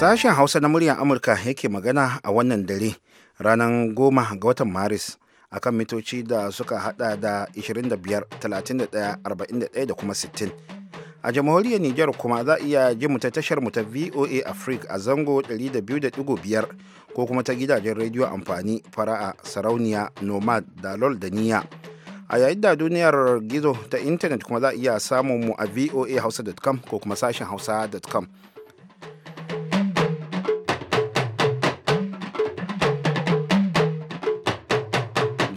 Sashen Hausa na muryar Amurka yake magana a wannan dare ranar goma ga watan Maris akan mitoci da suka hada da 25, 31, 41 da kuma 60. A jamhuriyar Nijar kuma za a iya ji mu ta tashar mu ta VOA Africa a zango 200.5 ko kuma ta gidajen rediyo amfani fara'a sarauniya nomad dalol da niya. A yayin da duniyar gizo ta intanet kuma za a iya samun mu a voahausa.com ko kuma sashen hausa.com.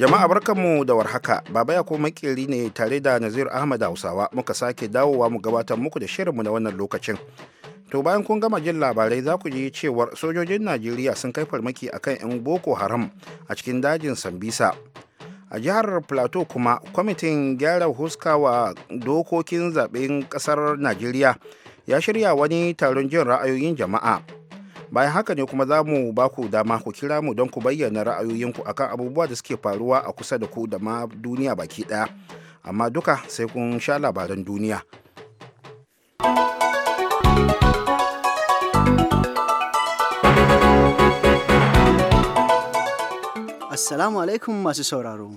Jama'a barkanmu da warhaka, Baba ya Yakubu Makeri ne tare da Nazir Ahmad Hausawa muka sake dawowa mu gabatar muku da shirinmu na wannan lokacin. To bayan kun gama jin labarai za ku ji cewar sojojin Najeriya sun kai farmaki akan 'yan Boko Haram a cikin dajin Sambisa. A jihar Plateau kuma kwamitin gyara huskawa dokokin zaɓen ƙasar Najeriya ya shirya wani taron jin ra'ayoyin jama'a. bayan haka ne kuma za mu ba ku dama ku kira mu don ku bayyana ra'ayoyinku akan abubuwa da suke faruwa a kusa da ku da ma duniya baki ɗaya amma duka sai kun sha labaran duniya assalamu alaikum masu sauraro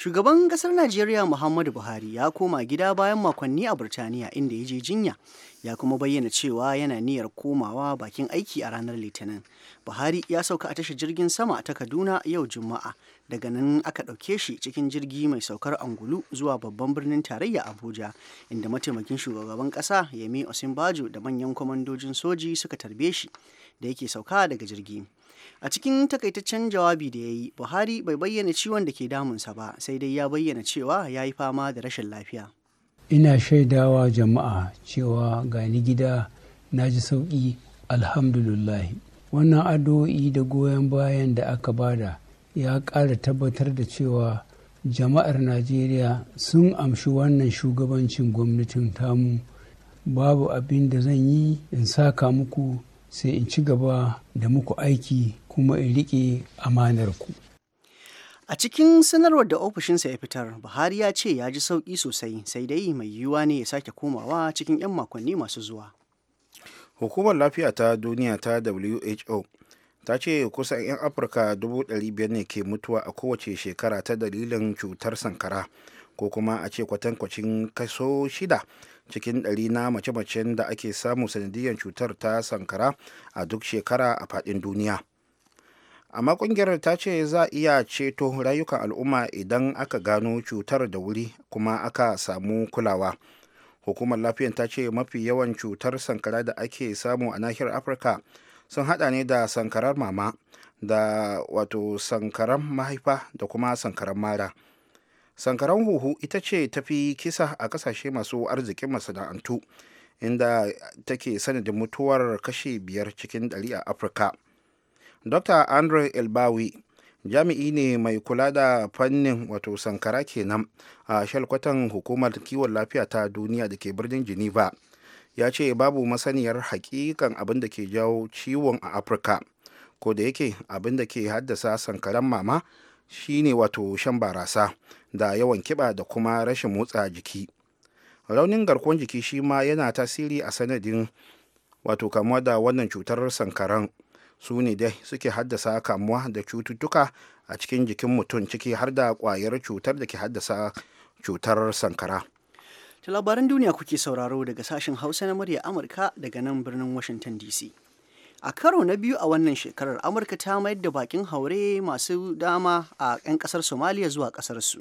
Shugaban kasar Najeriya Muhammadu Buhari ya koma gida bayan makonni a Burtaniya inda ya je jinya, ya kuma bayyana cewa yana niyyar komawa bakin aiki a ranar Litinin. Buhari ya sauka a tashar jirgin sama ta Kaduna yau Juma'a, daga nan aka ɗauke shi cikin jirgi mai saukar angulu zuwa babban birnin tarayya Abuja, inda mataimakin shugaban kasa Yemi Osinbajo da manyan kwamandojin soji suka tarbe shi da yake sauka daga jirgi. A cikin takaitaccen jawabi da ya yi, Buhari bai bayyana ciwon da ke damunsa ba, sai dai ya bayyana cewa ya yi fama da rashin lafiya. Ina shaidawa jama'a cewa gani gida na ji sauƙi alhamdulillahi. Wannan addu'o'i da goyon bayan da aka bada ya ƙara tabbatar da cewa jama'ar Najeriya sun amshi wannan shugabancin gwamnatin tamu. Babu abin da zan yi in saka muku sai in ci gaba da muku aiki kuma in riƙe amanar ku. A cikin sanarwar da ofishinsa ya fitar, Buhari ya ce ya ji sauƙi sosai sai dai mai yiwuwa ne ya sake komawa cikin 'yan makonni masu zuwa. Hukumar lafiya ta duniya ta WHO ta ce kusan 'yan Afirka 500 ne ke mutuwa a kowace shekara ta dalilin cutar sankara. ko kuma a ce kwatankwacin kaso shida cikin ɗari na mace-macen da ake samu sanadiyar cutar ta sankara a duk shekara a faɗin duniya amma ƙungiyar ta ce za a iya ceto rayukan al'umma idan aka gano cutar da wuri kuma aka samu kulawa hukumar lafiyar ta ce mafi yawan cutar sankara da ake samu a nahiyar afirka sun hada ne da sankarar mama da wato sankarar mahaifa da kuma sankarar mara. sankaran huhu ita ce tafi kisa a kasashe masu arzikin masana'antu inda take sanadin mutuwar kashe biyar cikin ɗari a afirka dr andre elbawi jami'i ne mai kula da fannin wato sankara kenan a shalkwatan hukumar kiwon lafiya ta duniya da ke birnin geneva ya ce babu masaniyar hakikan abin da ke jawo ciwon a afirka ko da yake abin da ke haddasa sankaran mama shine wato shan barasa da yawan kiba da kuma rashin motsa jiki raunin garkuwar jiki shi ma yana tasiri a sanadin wato kamuwa da wannan cutar sankaran su ne dai suke haddasa kamuwa da cututtuka a cikin jikin mutum ciki har da kwayar cutar da ke haddasa cutar sankara ta labaran duniya kuke sauraro daga sashen hausa na murya amurka daga nan birnin washington dc a karo na biyu a wannan shekarar amurka ta mayar da bakin haure masu dama a 'yan kasar somaliya zuwa kasarsu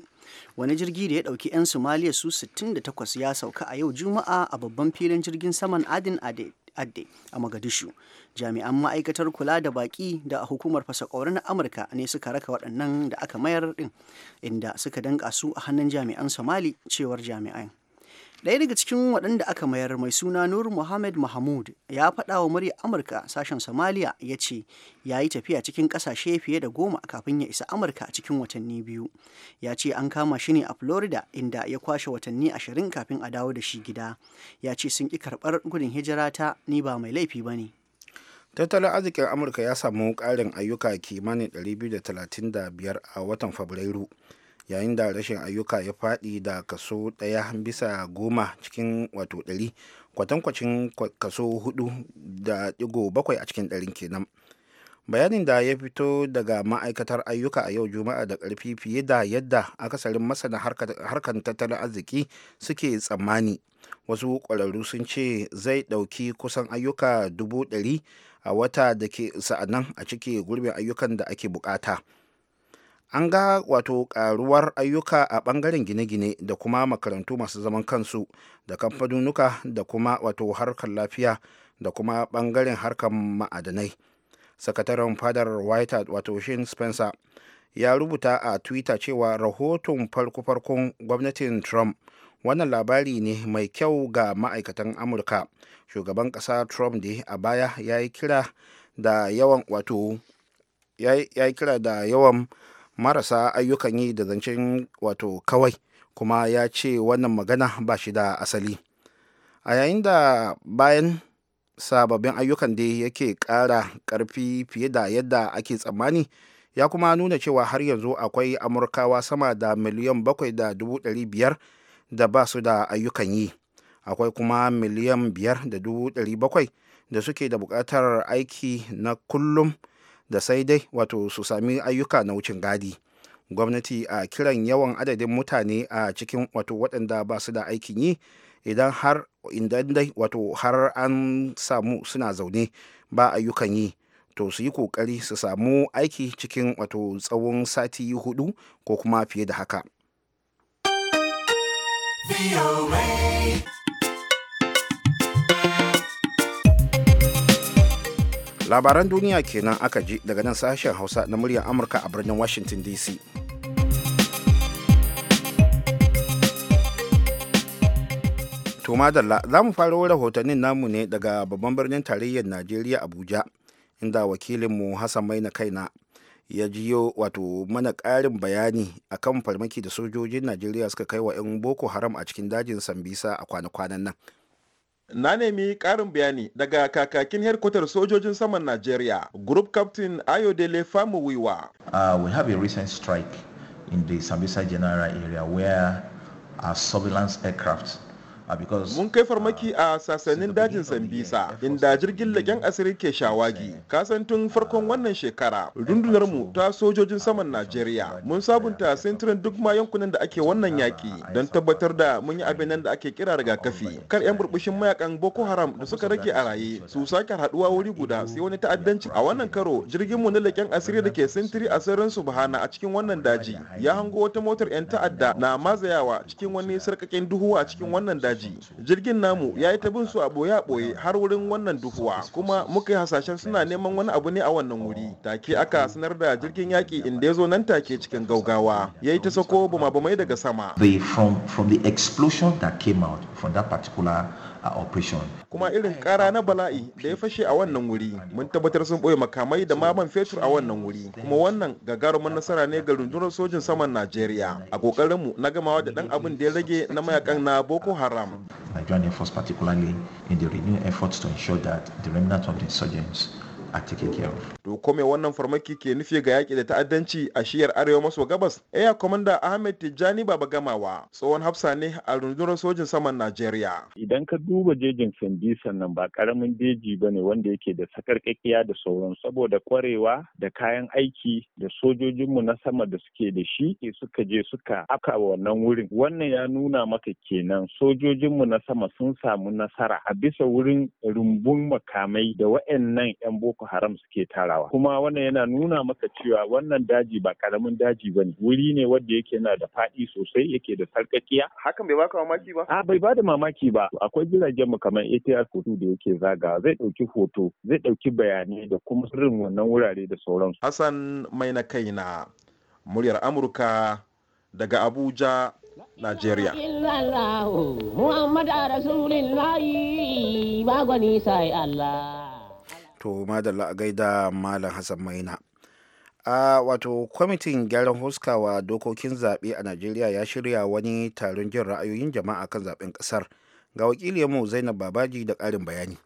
wani jirgi da ya dauki 'yan somaliya su 68 ya sauka a yau juma'a a babban filin jirgin saman adin adde a magadishu jami'an ma'aikatar kula da baki da hukumar fasakorin amurka ne suka raka waɗannan da aka mayar din inda suka danka su a hannun jami'an somali cewar jami'an Ɗaya daga cikin waɗanda aka mayar mai suna Nur Mohammed Mahmud ya faɗa wa murya Amurka sashen Somalia ya ce ya yi tafiya cikin ƙasashe fiye da goma kafin ya isa Amurka a cikin watanni biyu. Ya ce an kama shi ne a Florida inda ya kwashe watanni ashirin kafin a dawo da shi gida. Ya ce sun ƙi karɓar gudun hijira ta ni ba mai laifi ba ne. tattalin arzikin amurka ya samu ƙarin ayyuka kimanin biyu da da talatin biyar a watan fabrairu yayin da rashin ayyuka ya faɗi da kaso ɗaya bisa goma cikin wato ɗari kwatankwacin kaso hudu da digo bakwai a cikin ɗarin kenan bayanin da ya fito daga ma'aikatar ayyuka a yau juma'a da ƙarfi fiye da yadda akasarin masana harkar tattalin arziki suke tsammani wasu ƙwararru sun ce zai ɗauki kusan ayyuka dubu ɗari a wata da ke sa'anan a cike gurbin ayyukan da ake buƙata. an ga wato karuwar ayyuka a bangaren gine-gine da kuma makarantu masu zaman kansu da kamfanonuka da kuma wato harkar lafiya da kuma bangaren harkar ma'adanai sakataren fadar white house wato shin spencer ya rubuta a twitter cewa rahoton farko-farkon gwamnatin trump wannan labari ne mai kyau ga ma'aikatan amurka shugaban kasa trump da a baya ya yi kira da yawan wato ya yi kira da yawan marasa ayyukan yi da zancen wato kawai kuma ya ce wannan magana ba shi da asali a yayin da bayan sababbin ayyukan da yake ƙara ƙarfi fiye da yadda ake tsammani ya kuma nuna cewa har yanzu akwai amurkawa sama da miliyan bakwai da dubu ɗari biyar da ba su da ayyukan yi akwai kuma miliyan biyar da dubu ɗari bakwai da suke da buƙatar aiki na kullum da sai dai wato su sami ayyuka na wucin gadi gwamnati a kiran yawan adadin mutane a cikin wato waɗanda ba su da aikin yi idan har idan dai wato har an samu suna zaune ba ayyukan yi to su yi kokari su samu aiki cikin wato tsawon sati hudu ko kuma fiye da haka. labaran duniya kenan aka ji daga nan sashen hausa na muryar amurka a birnin washington dc to madalla za mu faro rahotannin namu ne daga babban birnin tarayyar najeriya abuja inda wakilinmu hassan maina kaina ya jiyo wato mana ƙarin bayani akan farmaki da sojojin najeriya suka kai wa 'yan boko haram a cikin dajin sambisa a kwana-kwanan nan na nemi ƙarin bayani daga kakakin herkutar sojojin saman Najeriya, Group Captain Ayodele Famuwiwa. Uh, we have a recent strike in the Sambisa General area where our surveillance aircraft Ah, mun kai farmaki ah, a sasannin dajin Sambisa inda jirgin lagen asiri ke shawagi eh. kasan tun farkon wannan shekara eh, rundunar mu ta sojojin ah, saman Najeriya mun eh, sabunta sintirin duk ma yankunan da ake wannan yaki don tabbatar da mun yi abin nan da ake kira rigakafi kar yan burbushin mayakan Boko Haram da suka rage a raye su sake haduwa wuri guda sai wani ta'addanci a wannan karo jirgin mu na leken asiri da ke sintiri a sirrin subhana a cikin wannan daji ya hango wata motar yan ta'adda na mazayawa cikin wani sarkakin duhu a cikin wannan daji daji jirgin namu ya yi ta bin su a boye a boye har wurin wannan duhuwa kuma muka yi hasashen suna neman wani abu ne a wannan wuri take aka sanar da jirgin yaki inda ya zo nan take cikin gaugawa ya yi ta sako bama-bamai daga sama. from, from the explosion that particular a operation kuma irin kara na bala'i da ya fashe a wannan wuri mun tabbatar sun boye makamai da maman fetur a wannan wuri kuma wannan gagarumin nasara ne ga rundunar sojin saman najeriya a kokarin mu na gamawa da dan abin da ya rage na mayakan na boko haram nigerian force particularly in the renewed efforts to ensure that the remnants of the insurgents a cikin kenan. To kome wannan farmaki ke nufi ga yaƙi da ta'addanci a shiyar arewa maso gabas? Eya Komanda Ahmed Tijjani Baba Gamawa tsohon hafsa ne a rundunar sojin saman Najeriya. Idan ka duba jejin sandisan sannan ba karamin jeji ba ne wanda yake da sakarkakiya da sauran saboda kwarewa da kayan aiki da sojojinmu na sama da suke da shi ke suka je suka aka wannan wurin. Wannan ya nuna maka kenan sojojinmu na sama sun samu nasara a bisa wurin rumbun makamai da wa'annan 'yan boko boko haram suke tarawa kuma wannan yana nuna maka cewa wannan daji ba karamin daji ba ne wuri ne wanda yake na da faɗi sosai yake da sarkakiya hakan bai baka mamaki ba Ah bai bada mamaki ba akwai jiragen mu kamar ATR kudu da yake zaga zai ɗauki hoto zai ɗauki bayanai da kuma sirrin wannan wurare da sauransu Hassan mai na kai na muryar Amurka daga Abuja Najeriya. Muhammad a Rasulullahi bagwani sai Allah. to madalla a gaida malam hassan maina a wato kwamitin gyaran huska wa dokokin zaɓe a najeriya ya shirya wani taron jin ra'ayoyin jama'a kan zaɓen ƙasar ga wakiliyarmu zainab babaji da ƙarin bayani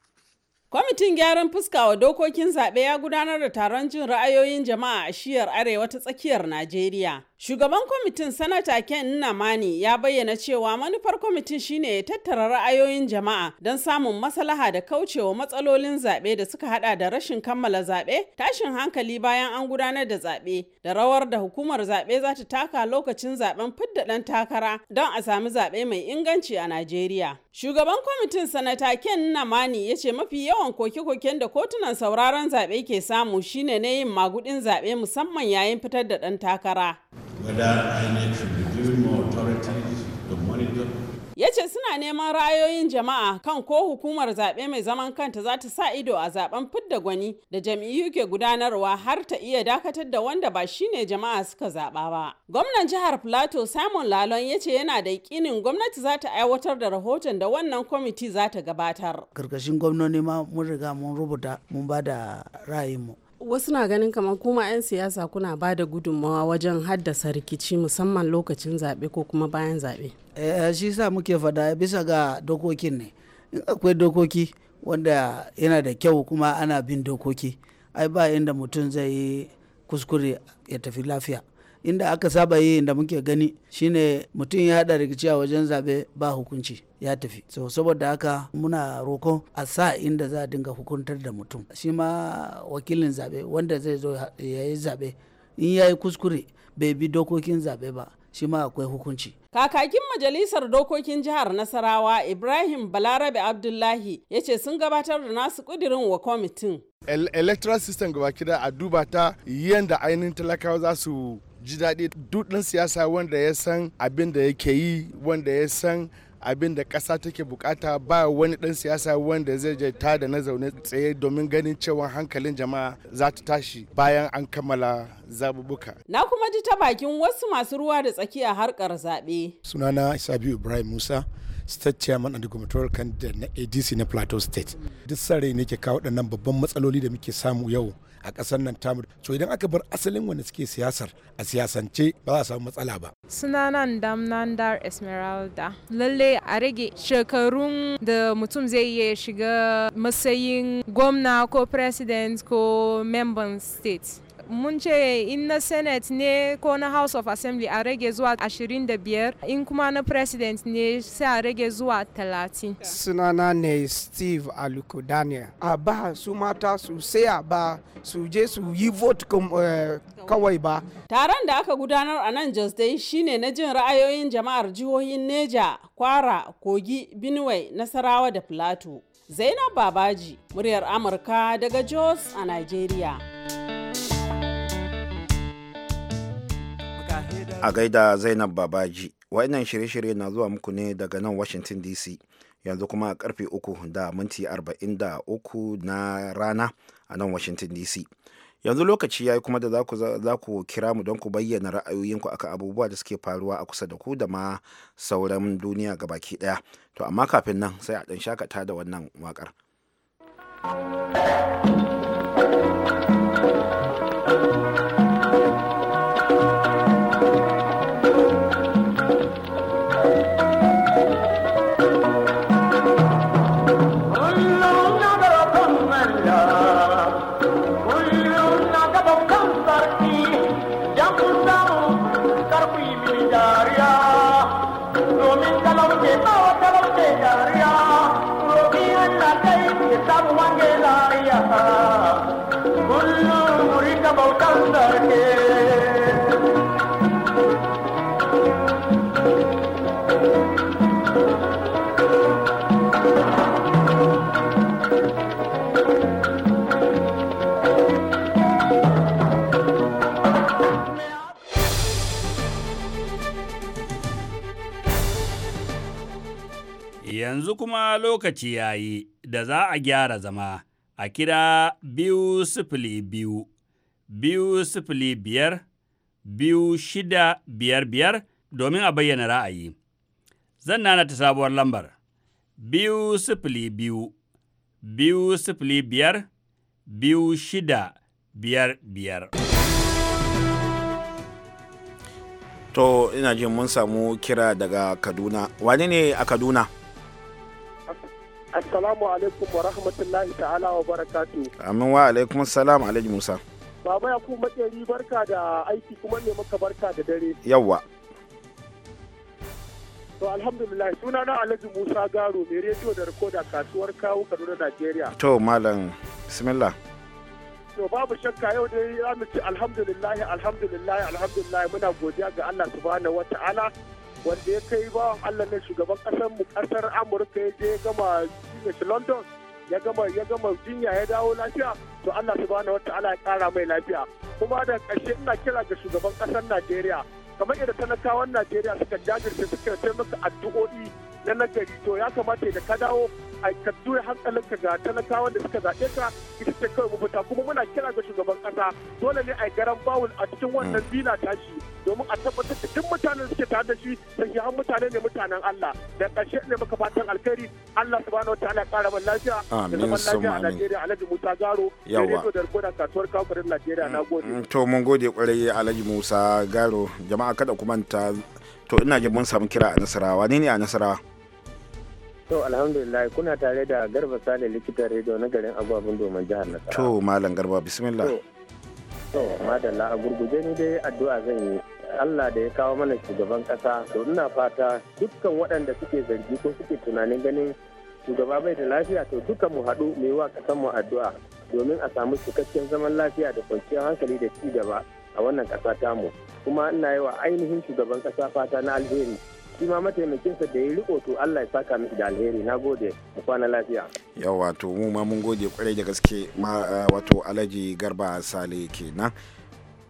Kwamitin gyaran fuska wa dokokin zaɓe ya gudanar da taron jin ra'ayoyin jama'a a shiyar arewa ta tsakiyar Najeriya. Shugaban kwamitin Sanata Ken Namani ya bayyana cewa manufar kwamitin shine ya tattara ra'ayoyin jama'a don samun maslaha da kaucewa matsalolin zaɓe da suka hada da rashin kammala zaɓe, tashin hankali bayan an gudanar da zaɓe, da rawar da hukumar zaɓe za ta taka lokacin zaɓen fidda ɗan takara don a sami zaɓe mai inganci a Najeriya. Shugaban kwamitin Sanata Ken Namani ya ce mafi yawan koke-koken da kotunan sauraron zaɓe ke samu shine na yin magudin zaɓe musamman yayin fitar da ɗan takara. yace suna neman ra'ayoyin jama'a kan ko hukumar zaɓe mai zaman kanta za ta sa ido a zaben fidda gwani da jam'iyyu ke gudanarwa har ta iya dakatar da wanda ba shine jama'a suka zaɓa ba gwamnan jihar plateau simon lalon ya ce yana da ƙinin gwamnati za ta aiwatar da rahoton da wannan kwamiti za ta gabatar karkashin gwamnoni ma mun riga mun rubuta mun ba da ra'ayinmu wasu na ganin kamar kuma 'yan siyasa kuna ba da gudunmawa wajen haddasa rikici musamman lokacin zaɓe ko kuma bayan zaɓe eh, shi sa muke fada bisa ga dokokin ne akwai dokoki wanda yana da kyau kuma ana bin dokoki ai ba inda mutum zai yi kuskure ya tafi lafiya inda aka saba yi da muke gani shine mutum ya haɗa rikici a wajen zabe ba hukunci ya tafi so saboda haka muna roko a sa inda za a dinga hukuntar da mutum shi ma wakilin zabe wanda zai zo ya yi zabe in ya yi kuskure bai bi dokokin zabe ba shi ma akwai hukunci. Kakakin Majalisar Dokokin Jihar Nasarawa Ibrahim Balarabe Abdullahi ya ce sun gabatar da nasu kudirin wa kwamitin. electoral system gaba a duba ta yadda ainihin talakawa za su ji daɗi duk ɗan siyasa wanda ya san abin da yake yi wanda ya san abin da ƙasa take bukata ba wani ɗan siyasa wanda zai je ta da na zaune tsaye domin ganin cewa hankalin jama'a za ta tashi bayan an kammala zabubuka. Na kuma ji ta bakin wasu masu ruwa da tsakiya harkar zaɓe. Sunana Isabi Ibrahim Musa. state chairman and gubernatorial candidate na adc na plateau state duk sare ne ke kawo ɗannan babban matsaloli da muke samu yau a ƙasar nan tamu to idan aka bar asalin wanda suke siyasar a siyasance ba za a samu matsala ba sunanan damnandar esmeralda lalle a rage shekarun da mutum zai iya shiga matsayin gwamna ko president ko memban state mun ce in na senate ne ko na house of assembly a rage zuwa 25 in kuma na president ne sai a rage zuwa 30 sunana ne steve aluko daniel a ba su mata su sai a ba su je su yi vote eh, kawai ba taron da aka gudanar a nan jos dai shine na jin ra'ayoyin jama'ar jihohin neja kwara kogi benue nasarawa da plateau zainab babaji muryar amurka daga jos a nigeria a gaida zainab babaji wa'annan shirye-shirye na zuwa muku ne daga nan washington dc yanzu kuma a karfe 3 da minti arba'in da uku na rana a nan washington dc yanzu lokaci ya yi kuma da za ku kira mu don ku bayyana ra'ayoyinku akan abubuwa da suke faruwa a kusa da ku da ma sauran duniya ga baki daya to amma kafin nan sai a ɗan shakata da wannan waƙar. lokaci ya yi da za a gyara zama a kira biyu sifili biyu, biyu sifili biyar, biyu shida biyar biyar domin a bayyana ra'ayi. Zan nana ta sabuwar lambar, biyu sifili biyu, biyu sifili biyar, biyu shida biyar biyar. To, ina jin mun samu kira daga Kaduna. Wane ne a Kaduna? Assalamu alaikum wa rahmatullahi ta'ala wa barakatu. Amin wa alaikum salam alaikum Musa. Baba ya kuma makeri barka da aiki kuma ne maka barka da dare. Yawwa. To alhamdulillah suna na Alhaji Musa Garo mai rediyo da rikoda kasuwar kawo Kaduna Najeriya. To malam bismillah. To babu shakka yau dai ya mu ci alhamdulillah alhamdulillah alhamdulillah muna godiya ga Allah subhanahu wa ta'ala wanda ya kai bawan Allah ne shugaban kasar mu kasar Amurka ya je gama jinya shi London ya gama ya gama jinya ya dawo lafiya to Allah subhanahu wataala ya kara mai lafiya kuma da ƙarshe ina kira ga shugaban kasar Najeriya kamar yadda talakawan Najeriya suka jajirce suka taimaka addu'o'i na nagari to ya kamata da ka dawo a ka tura hankalinka ga talakawan da suka zaɓe ka ita ce kawai mafita kuma muna kira ga shugaban ƙasa dole ne a garan bawul a cikin wannan mm. bila tashi domin a tabbatar da duk mutanen suke tare da shi sahihan mutane ne mutanen Allah da ƙarshe ne muka fatan alkhairi Allah subhanahu wataala ya ƙara min lafiya da zaman lafiya a Najeriya Alhaji Musa Garo da rediyo da rikoda kasuwar kafirin Najeriya na gode mm, to mun gode kwarai Alhaji Musa Garo jama'a kada ku manta to ina ji mun samu kira a Nasarawa ne ne a Nasarawa To alhamdulillah kuna tare da Garba Sale likitan rediyo na garin Agwabin Domin jihar Nasarawa. To Malam Garba bismillah. To madalla a gurguje ni dai addu'a zan yi Allah da ya kawo mana shugaban kasa to ina fata dukkan waɗanda suke zargi ko suke tunanin ganin shugaba bai da lafiya to dukkan mu haɗu mu yi wa kasan mu addu'a domin a samu cikakken zaman lafiya da kwanciyar hankali da ci gaba a wannan ƙasa tamu kuma ina yi wa ainihin shugaban ƙasa fata na alheri shi ma mataimakinsa da ya riko to Allah ya saka miki da alheri na mu kwana lafiya yau wato mu ma mun gode kwarai da gaske ma wato Alhaji Garba Sale kenan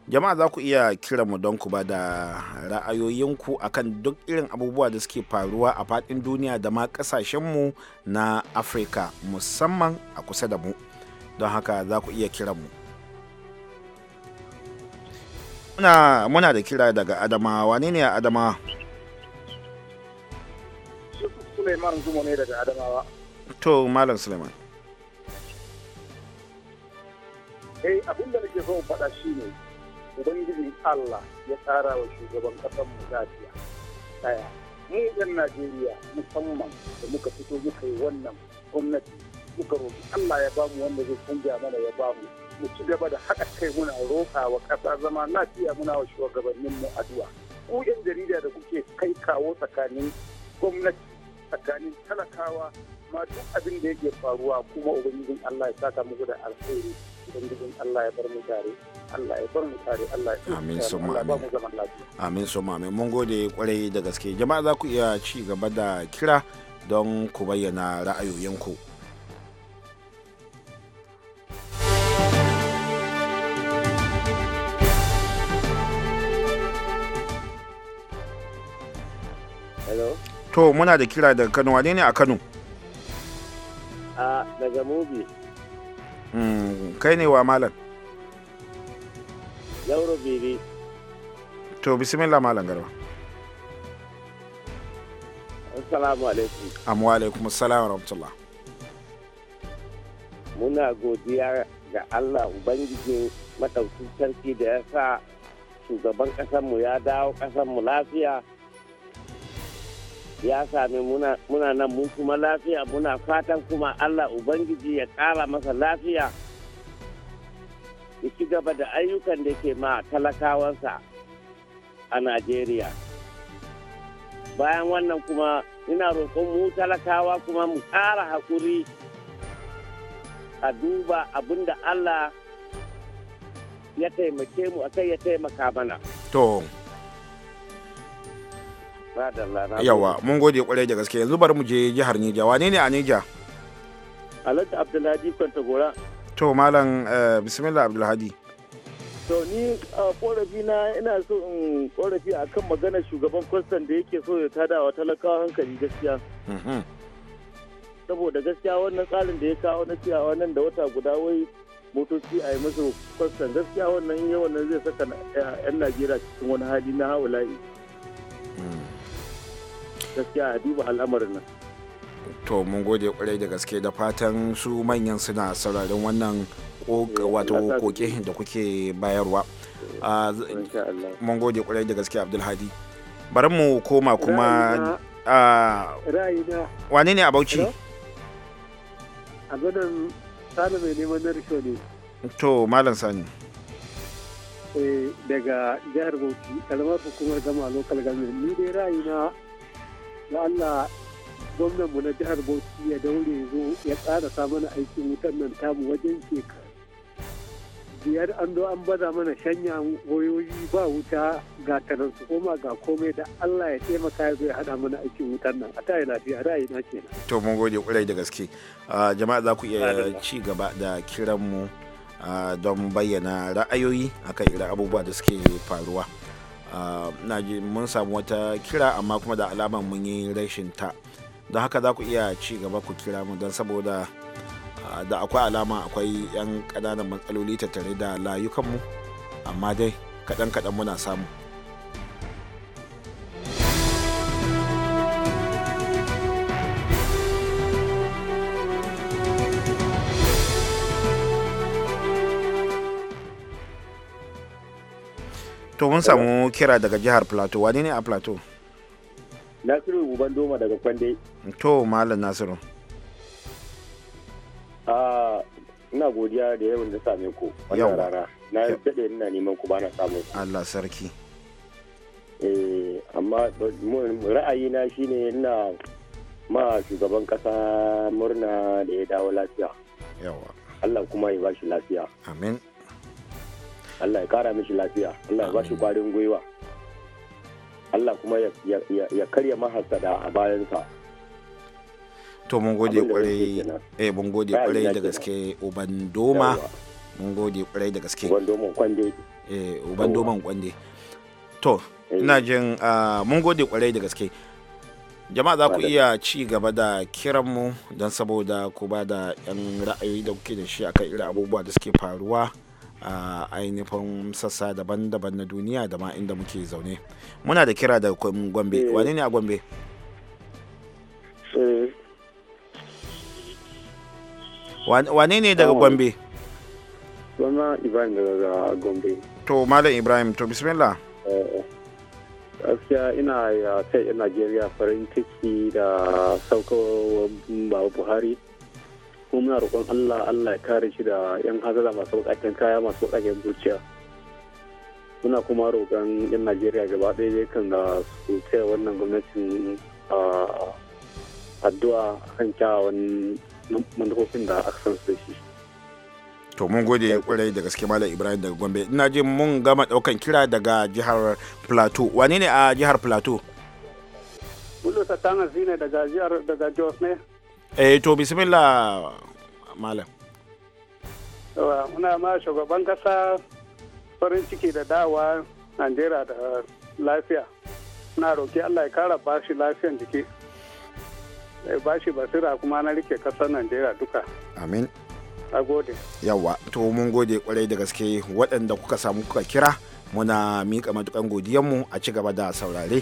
jama'a za ku iya kira mu don ku ba da ra'ayoyinku akan duk irin abubuwa da suke faruwa a fadin duniya da ma mu na afirka musamman a kusa da mu don haka za ku iya kira mu muna, da kira daga adamawa ne ne adamawa Suleiman Zumo ne daga Adamawa. To, Malam Suleiman. Eh, abin da nake so faɗa shi ne, Ubangijin Allah ya tsara wa shugaban ƙasar mu lafiya. Ɗaya, mu ɗan Najeriya musamman da muka fito muka yi wannan gwamnati muka roƙi Allah ya bamu wanda zai canja mana ya bamu. Mu ci gaba da haɗa kai muna roƙa wa ƙasa zama lafiya muna wa mu addu'a. Ku ‘yan jarida da kuke kai kawo tsakanin gwamnati tsakanin talakawa ma duk abin da yake faruwa kuma ubangijin Allah ya saka muku da alheri ubangijin Allah ya bar mu tare Allah ya bar mu tare Allah ya amin ma amin amin summa amin mun gode kwarai da gaske jama'a za ku iya ci gaba da kira don ku bayyana ra'ayoyinku. to muna da kira daga kano wane ne a kano a daga mubi hmm, kai ne wa malam yauro biri to bismillah malam garba assalamu alaikum amma alaikum assalamu rahmatullah muna godiya ga allah ubangiji madaukin sarki da ya sa shugaban kasanmu ya dawo kasanmu lafiya ya sami muna nan mun kuma lafiya muna fatan kuma Allah Ubangiji ya ƙara masa lafiya ci gaba da ayyukan da ke ma talakawansa a Najeriya. Bayan wannan kuma ina roƙon mu talakawa kuma mu ƙara haƙuri a duba abin da Allah ya taimake mu a kai ya taimaka mana. To. yawa mun gode kwarai da gaske yanzu bari mu je jihar Nija wane ne a Nija Alhaji Abdulhadi Kwantagora to malam eh, bismillah Abdulhadi to ni korafi na ina so in korafi akan magana shugaban kwastan da yake so ya tada wa talakawa hankali gaskiya mhm. saboda gaskiya wannan tsarin da ya kawo na cewa nan da wata guda wai motoci a yi musu kwastan gaskiya wannan yawan nan zai saka eh, 'yan najeriya cikin wani hali na hawala'i mm. gaskiya a duba al'amarin nan to mun gode kwarai da gaske da fatan su manyan suna sauraron wannan eh, wato koke da kuke bayarwa ah, eh, mun gode kwarai da gaske abdulhadi bari mu koma kuma ah, wane ne a bauchi a sani mai neman na risho ne to malam sani eh, daga jihar bauchi kalmar hukumar gama lokal government ni dai ra'ayi na da Allah gwamnanmu na jihar Bauchi ya daure zo ya tsara mana aikin wutar nan tamu wajen shekaru biyar an zo an baza mana shanya wayoyi ba wuta ga koma ga komai da Allah ya taimaka ya zo ya hada mana aikin wutar nan a ta yi lafiya da na kenan. To mun gode kwarai da gaske. Jama'a za ku iya ci gaba da kiranmu don bayyana ra'ayoyi akan irin abubuwa da suke faruwa. Ah, na ji mun samu wata kira amma kuma da alama mun yi rashin ta don haka za ku iya ci gaba ku kira mu don saboda ah, da akwai alama akwai 'yan ƙananan matsaloli tattare da layukanmu amma dai kaɗan-kaɗan muna samu to mun samu kira daga jihar plateau wani ne a plateau nasiru guban doma daga kwande to malam nasiru ah, ina godiya da yawan da same ku wannan rana na daɗe ina neman ku bana samu Allah sarki eh amma na shine ina ma shugaban kasa murna da ya dawo lafiya yawa Allah kuma ya bashi lafiya amin Allah ya kara mishi lafiya Allah ya ba shi kwarin gwiwa Allah kuma ya karya mahasada a bayansa to mun gode kwarai eh mun gode kwarai da gaske uban doma mun gode kwarai da gaske uban doma kwande eh uban doma kwande to eh. ina jin ah, mun gode kwarai da gaske jama'a za ku iya ci gaba da kiran mu don saboda ku ba da 'yan ra'ayoyi da kuke da shi akan irin abubuwa da suke faruwa a ainihin sassa daban-daban na duniya da ma inda muke zaune muna da kira da gombe eh. wane ne a gombe eh. wane ne daga oh. gombe gwamna Ibrahim daga Gombe. To Malam Ibrahim to bismillah. Eh, gaskiya ina ya kai Najeriya farin ciki da saukowar Buhari. ko muna roƙon Allah Allah ya kare shi da yan hazara masu buƙatar kaya masu buƙatar zuciya muna kuma roƙon yan Najeriya gaba ɗaya dai kan da su taya wannan gwamnatin addu'a kan kyawawan manufofin da aka san su da shi to mun gode kwarai da gaske malam ibrahim daga gombe ina jin mun gama daukan kira daga jihar plateau wane ne a jihar plateau Bello Satana Zine daga jihar daga Jos ne. eh to bismillah malam yawa muna ma shugaban kasa farin ciki da dawa najeriya da lafiya na roki allah ya kara bashi lafiyan jiki ya bashi basira kuma na rike kasar najeriya duka amin a gode yawa to mun gode kwarai da gaske waɗanda kuka samu kuka kira muna miƙa matukan godiyanmu a ci gaba da saurare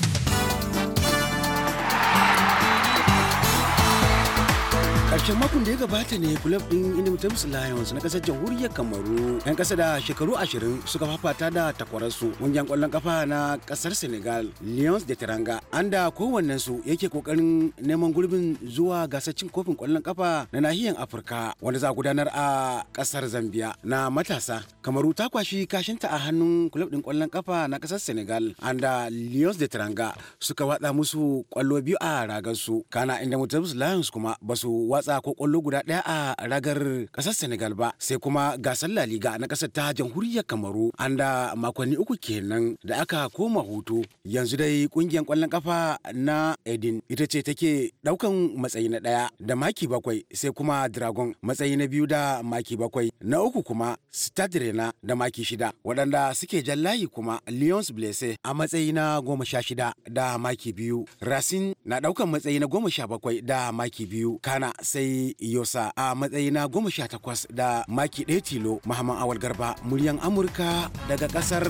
karshen makon da ya gabata ne kulab din Indomitables Lions na kasar jamhuriyar Kamaru yan kasa da shekaru ashirin suka fafata da takwararsu ƙungiyar ƙwallon kafa na kasar Senegal Lions de Teranga an da kowannen su yake kokarin neman gurbin zuwa gasar cin kofin kwallon kafa na nahiyar Afirka wanda za a gudanar a kasar Zambia na matasa Kamaru ta kwashi kashinta a hannun kulab din kwallon kafa na kasar Senegal an da Lions de Teranga suka watsa musu ƙwallo biyu a ragarsu kana Indomitables Lions kuma ba su watsa ko kwallo guda ɗaya a ragar kasar Senegal ba sai kuma gasar La Liga na kasar ta jamhuriyar Kamaru an da makonni uku kenan da aka koma hutu yanzu dai ƙungiyar ƙwallon kafa na Edin ita ce take ɗaukan matsayi na ɗaya da maki bakwai sai kuma Dragon matsayi na biyu da maki bakwai na uku kuma stadrena da maki shida waɗanda suke jan layi kuma lions blesse a matsayi na goma sha shida da maki biyu Racine na ɗaukan matsayi na goma sha bakwai da maki biyu Kana sai yosa a matsayi na goma sha takwas da maki ɗaya tilo muhammad awal garba muryan amurka daga ƙasar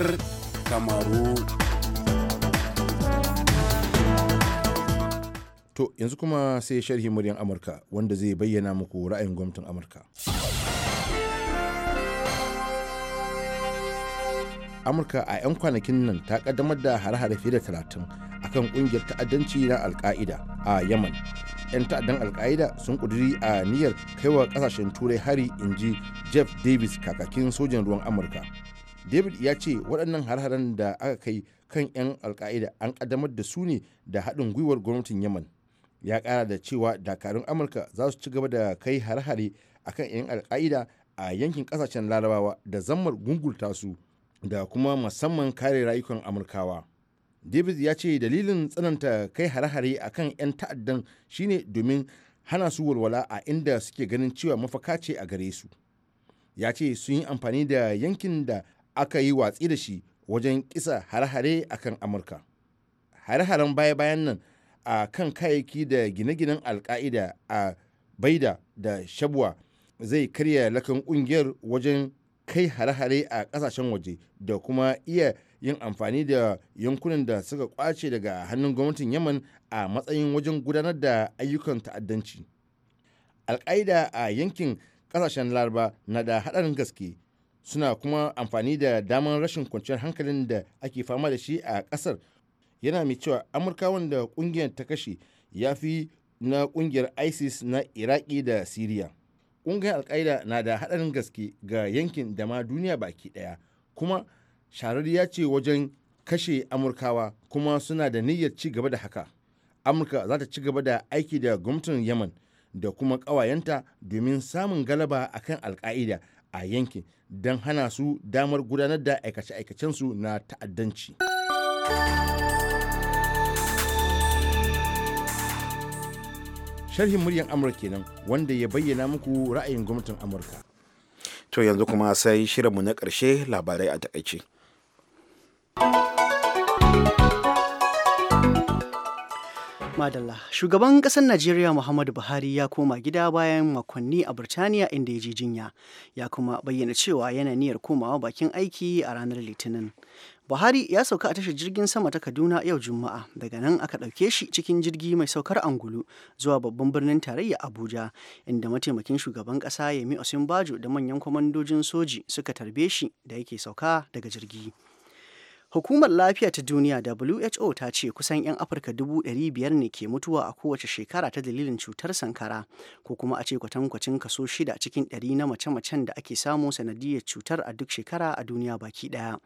kamaru to yanzu kuma sai sharhi muryan amurka wanda zai bayyana muku ra'ayin gwamnatin amurka amurka a 'yan kwanakin nan ta kaddamar da hare-hare fiye da 30 akan kungiyar ta'addanci na alka'ida a yaman 'yan ta'addan alka'ida sun kuduri a niyyar kaiwa kasashen turai hari in ji jeff davis kakakin sojan ruwan amurka david ya ce waɗannan har-haren da aka kai kan 'yan alka'ida an ƙaddamar da su ne da haɗin gwiwar gwamnatin yaman ya ƙara da cewa dakarun amurka za su ci gaba da kai har-hare a kan 'yan alka'ida a yankin ƙasashen larabawa da zammar gungulta su da kuma musamman kare rayukan amurkawa david ya ce dalilin tsananta kai hare-hare a kan 'yan ta'addan shine domin hana su walwala a inda suke ganin cewa mafaka ce a gare su ya ce sun yi amfani da yankin da aka yi watsi da shi wajen kisa hare-hare a kan amurka hare-haren baya-bayan nan a kan kayayyaki da gine-ginen alka'ida a baida da shabwa zai karya lakan kungiyar wajen kai hare-hare a kasashen waje da kuma iya yin amfani da yankunan da suka kwace daga hannun gwamnatin yaman a matsayin wajen gudanar da ayyukan ta'addanci alƙaida a yankin ƙasashen laraba na da haɗarin gaske suna kuma amfani da damar rashin kwanciyar hankalin da ake fama da shi a ƙasar yana mai cewa amurkawan da ƙungiyar ta kashe ya fi na ƙungiyar isis na iraki da siriya ƙungiyar alƙaida na da haɗarin gaske ga yankin da ma duniya baki ɗaya kuma ya ce wajen kashe amurkawa kuma suna da niyyar ci gaba da haka amurka za ta ci gaba da aiki da gwamnatin yaman da kuma ƙawayenta domin samun galaba akan alka'ida a yankin don hana su damar gudanar da aikace-aikacensu na ta'addanci. sharhin muryan amurka kenan wanda ya bayyana muku ra'ayin gwamnatin amurka to yanzu kuma sai shirinmu na karshe labarai a takaice. Madalla, shugaban ƙasar Najeriya Muhammadu Buhari ya koma gida bayan makonni a Birtaniya inda ya ji jinya, ya kuma bayyana cewa yana niyyar komawa bakin aiki a ranar Litinin. Buhari ya sauka a tashar jirgin sama ta Kaduna yau Juma'a, daga nan aka ɗauke shi cikin jirgi mai saukar angulu zuwa babban birnin tarayya Abuja, inda mataimakin shugaban ƙasa Yemi Osinbajo da manyan kwamandojin soji suka tarbe shi da yake sauka daga jirgi. Hukumar Lafiya ta Duniya WHO ta ce kusan 'yan Afirka dubu biyar ne ke mutuwa a kowace shekara ta dalilin cutar sankara, ko kuma a ce kwatankwacin kaso shida cikin ɗari na mace-macen da ake samu sanadiyar cutar a duk shekara a duniya baki ɗaya.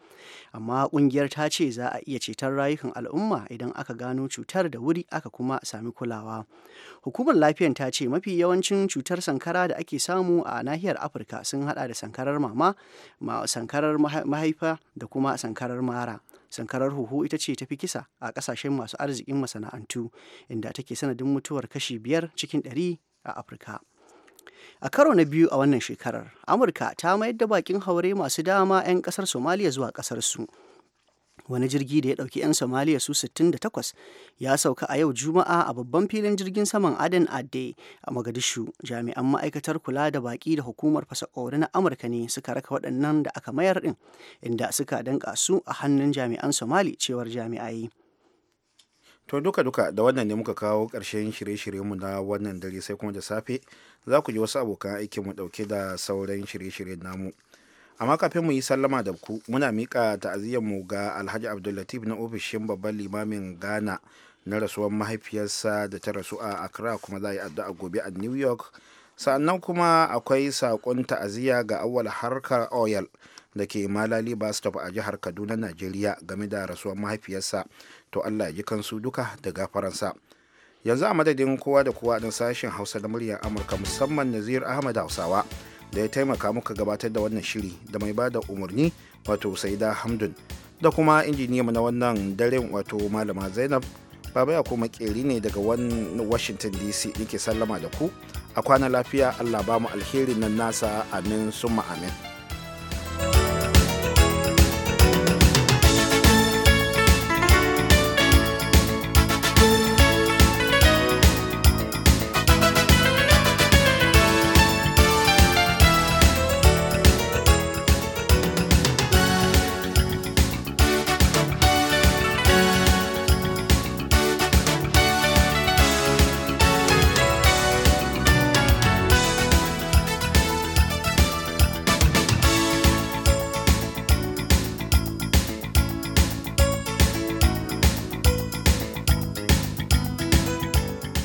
Amma ƙungiyar ta ce za a iya cetar rayukan al'umma idan aka gano cutar da wuri aka kuma sami kulawa. Hukumar Lafiyan ta ce mafi yawancin cutar sankara da ake samu a nahiyar Afirka sun haɗa da sankarar mama, sankarar mahaifa da kuma sankarar mara. sankarar huhu ita ce tafi kisa a kasashen masu arzikin masana'antu inda take sanadin mutuwar kashi biyar cikin ɗari a afirka a karo na biyu a wannan shekarar amurka ta mayar da bakin haure masu dama 'yan kasar somaliya zuwa kasar su wani jirgi da ya ɗauki 'yan somaliya su 68 ya sauka a yau juma'a a babban filin jirgin saman aden adde a magadishu jami'an ma'aikatar kula da baƙi da hukumar fasakori na amurka ne suka raka waɗannan da aka mayar ɗin inda suka danƙa su a hannun jami'an somali cewar jami'ai to duka duka da wannan ne muka kawo ƙarshen shirye-shiryenmu na wannan dare sai kuma da safe za ku ji wasu abokan mu ɗauke da sauran shirye-shiryen namu. amma kafin mu yi sallama da ku muna miƙa mu ga alhaji abdullatif na ofishin babban limamin ghana na rasuwar mahaifiyarsa da ta rasu a accra kuma za a yi addu'a gobe a new york sannan kuma akwai saƙon ta'aziyya ga awal harkar oil da ke malali bus stop a jihar kaduna najeriya game da rasuwar mahaifiyarsa to allah ji kansu duka da gafaransa yanzu a madadin kowa da kowa ɗin sashen hausa da muryar amurka musamman nazir ahmad hausawa da ya taimaka muka gabatar da wannan shiri da mai bada umarni wato saida hamdun da kuma injiniya na wannan daren wato malama zainab baba ya kuma keri ne daga washington dc yake sallama da ku a kwana lafiya allah ba mu alherin nan nasa amin summa amin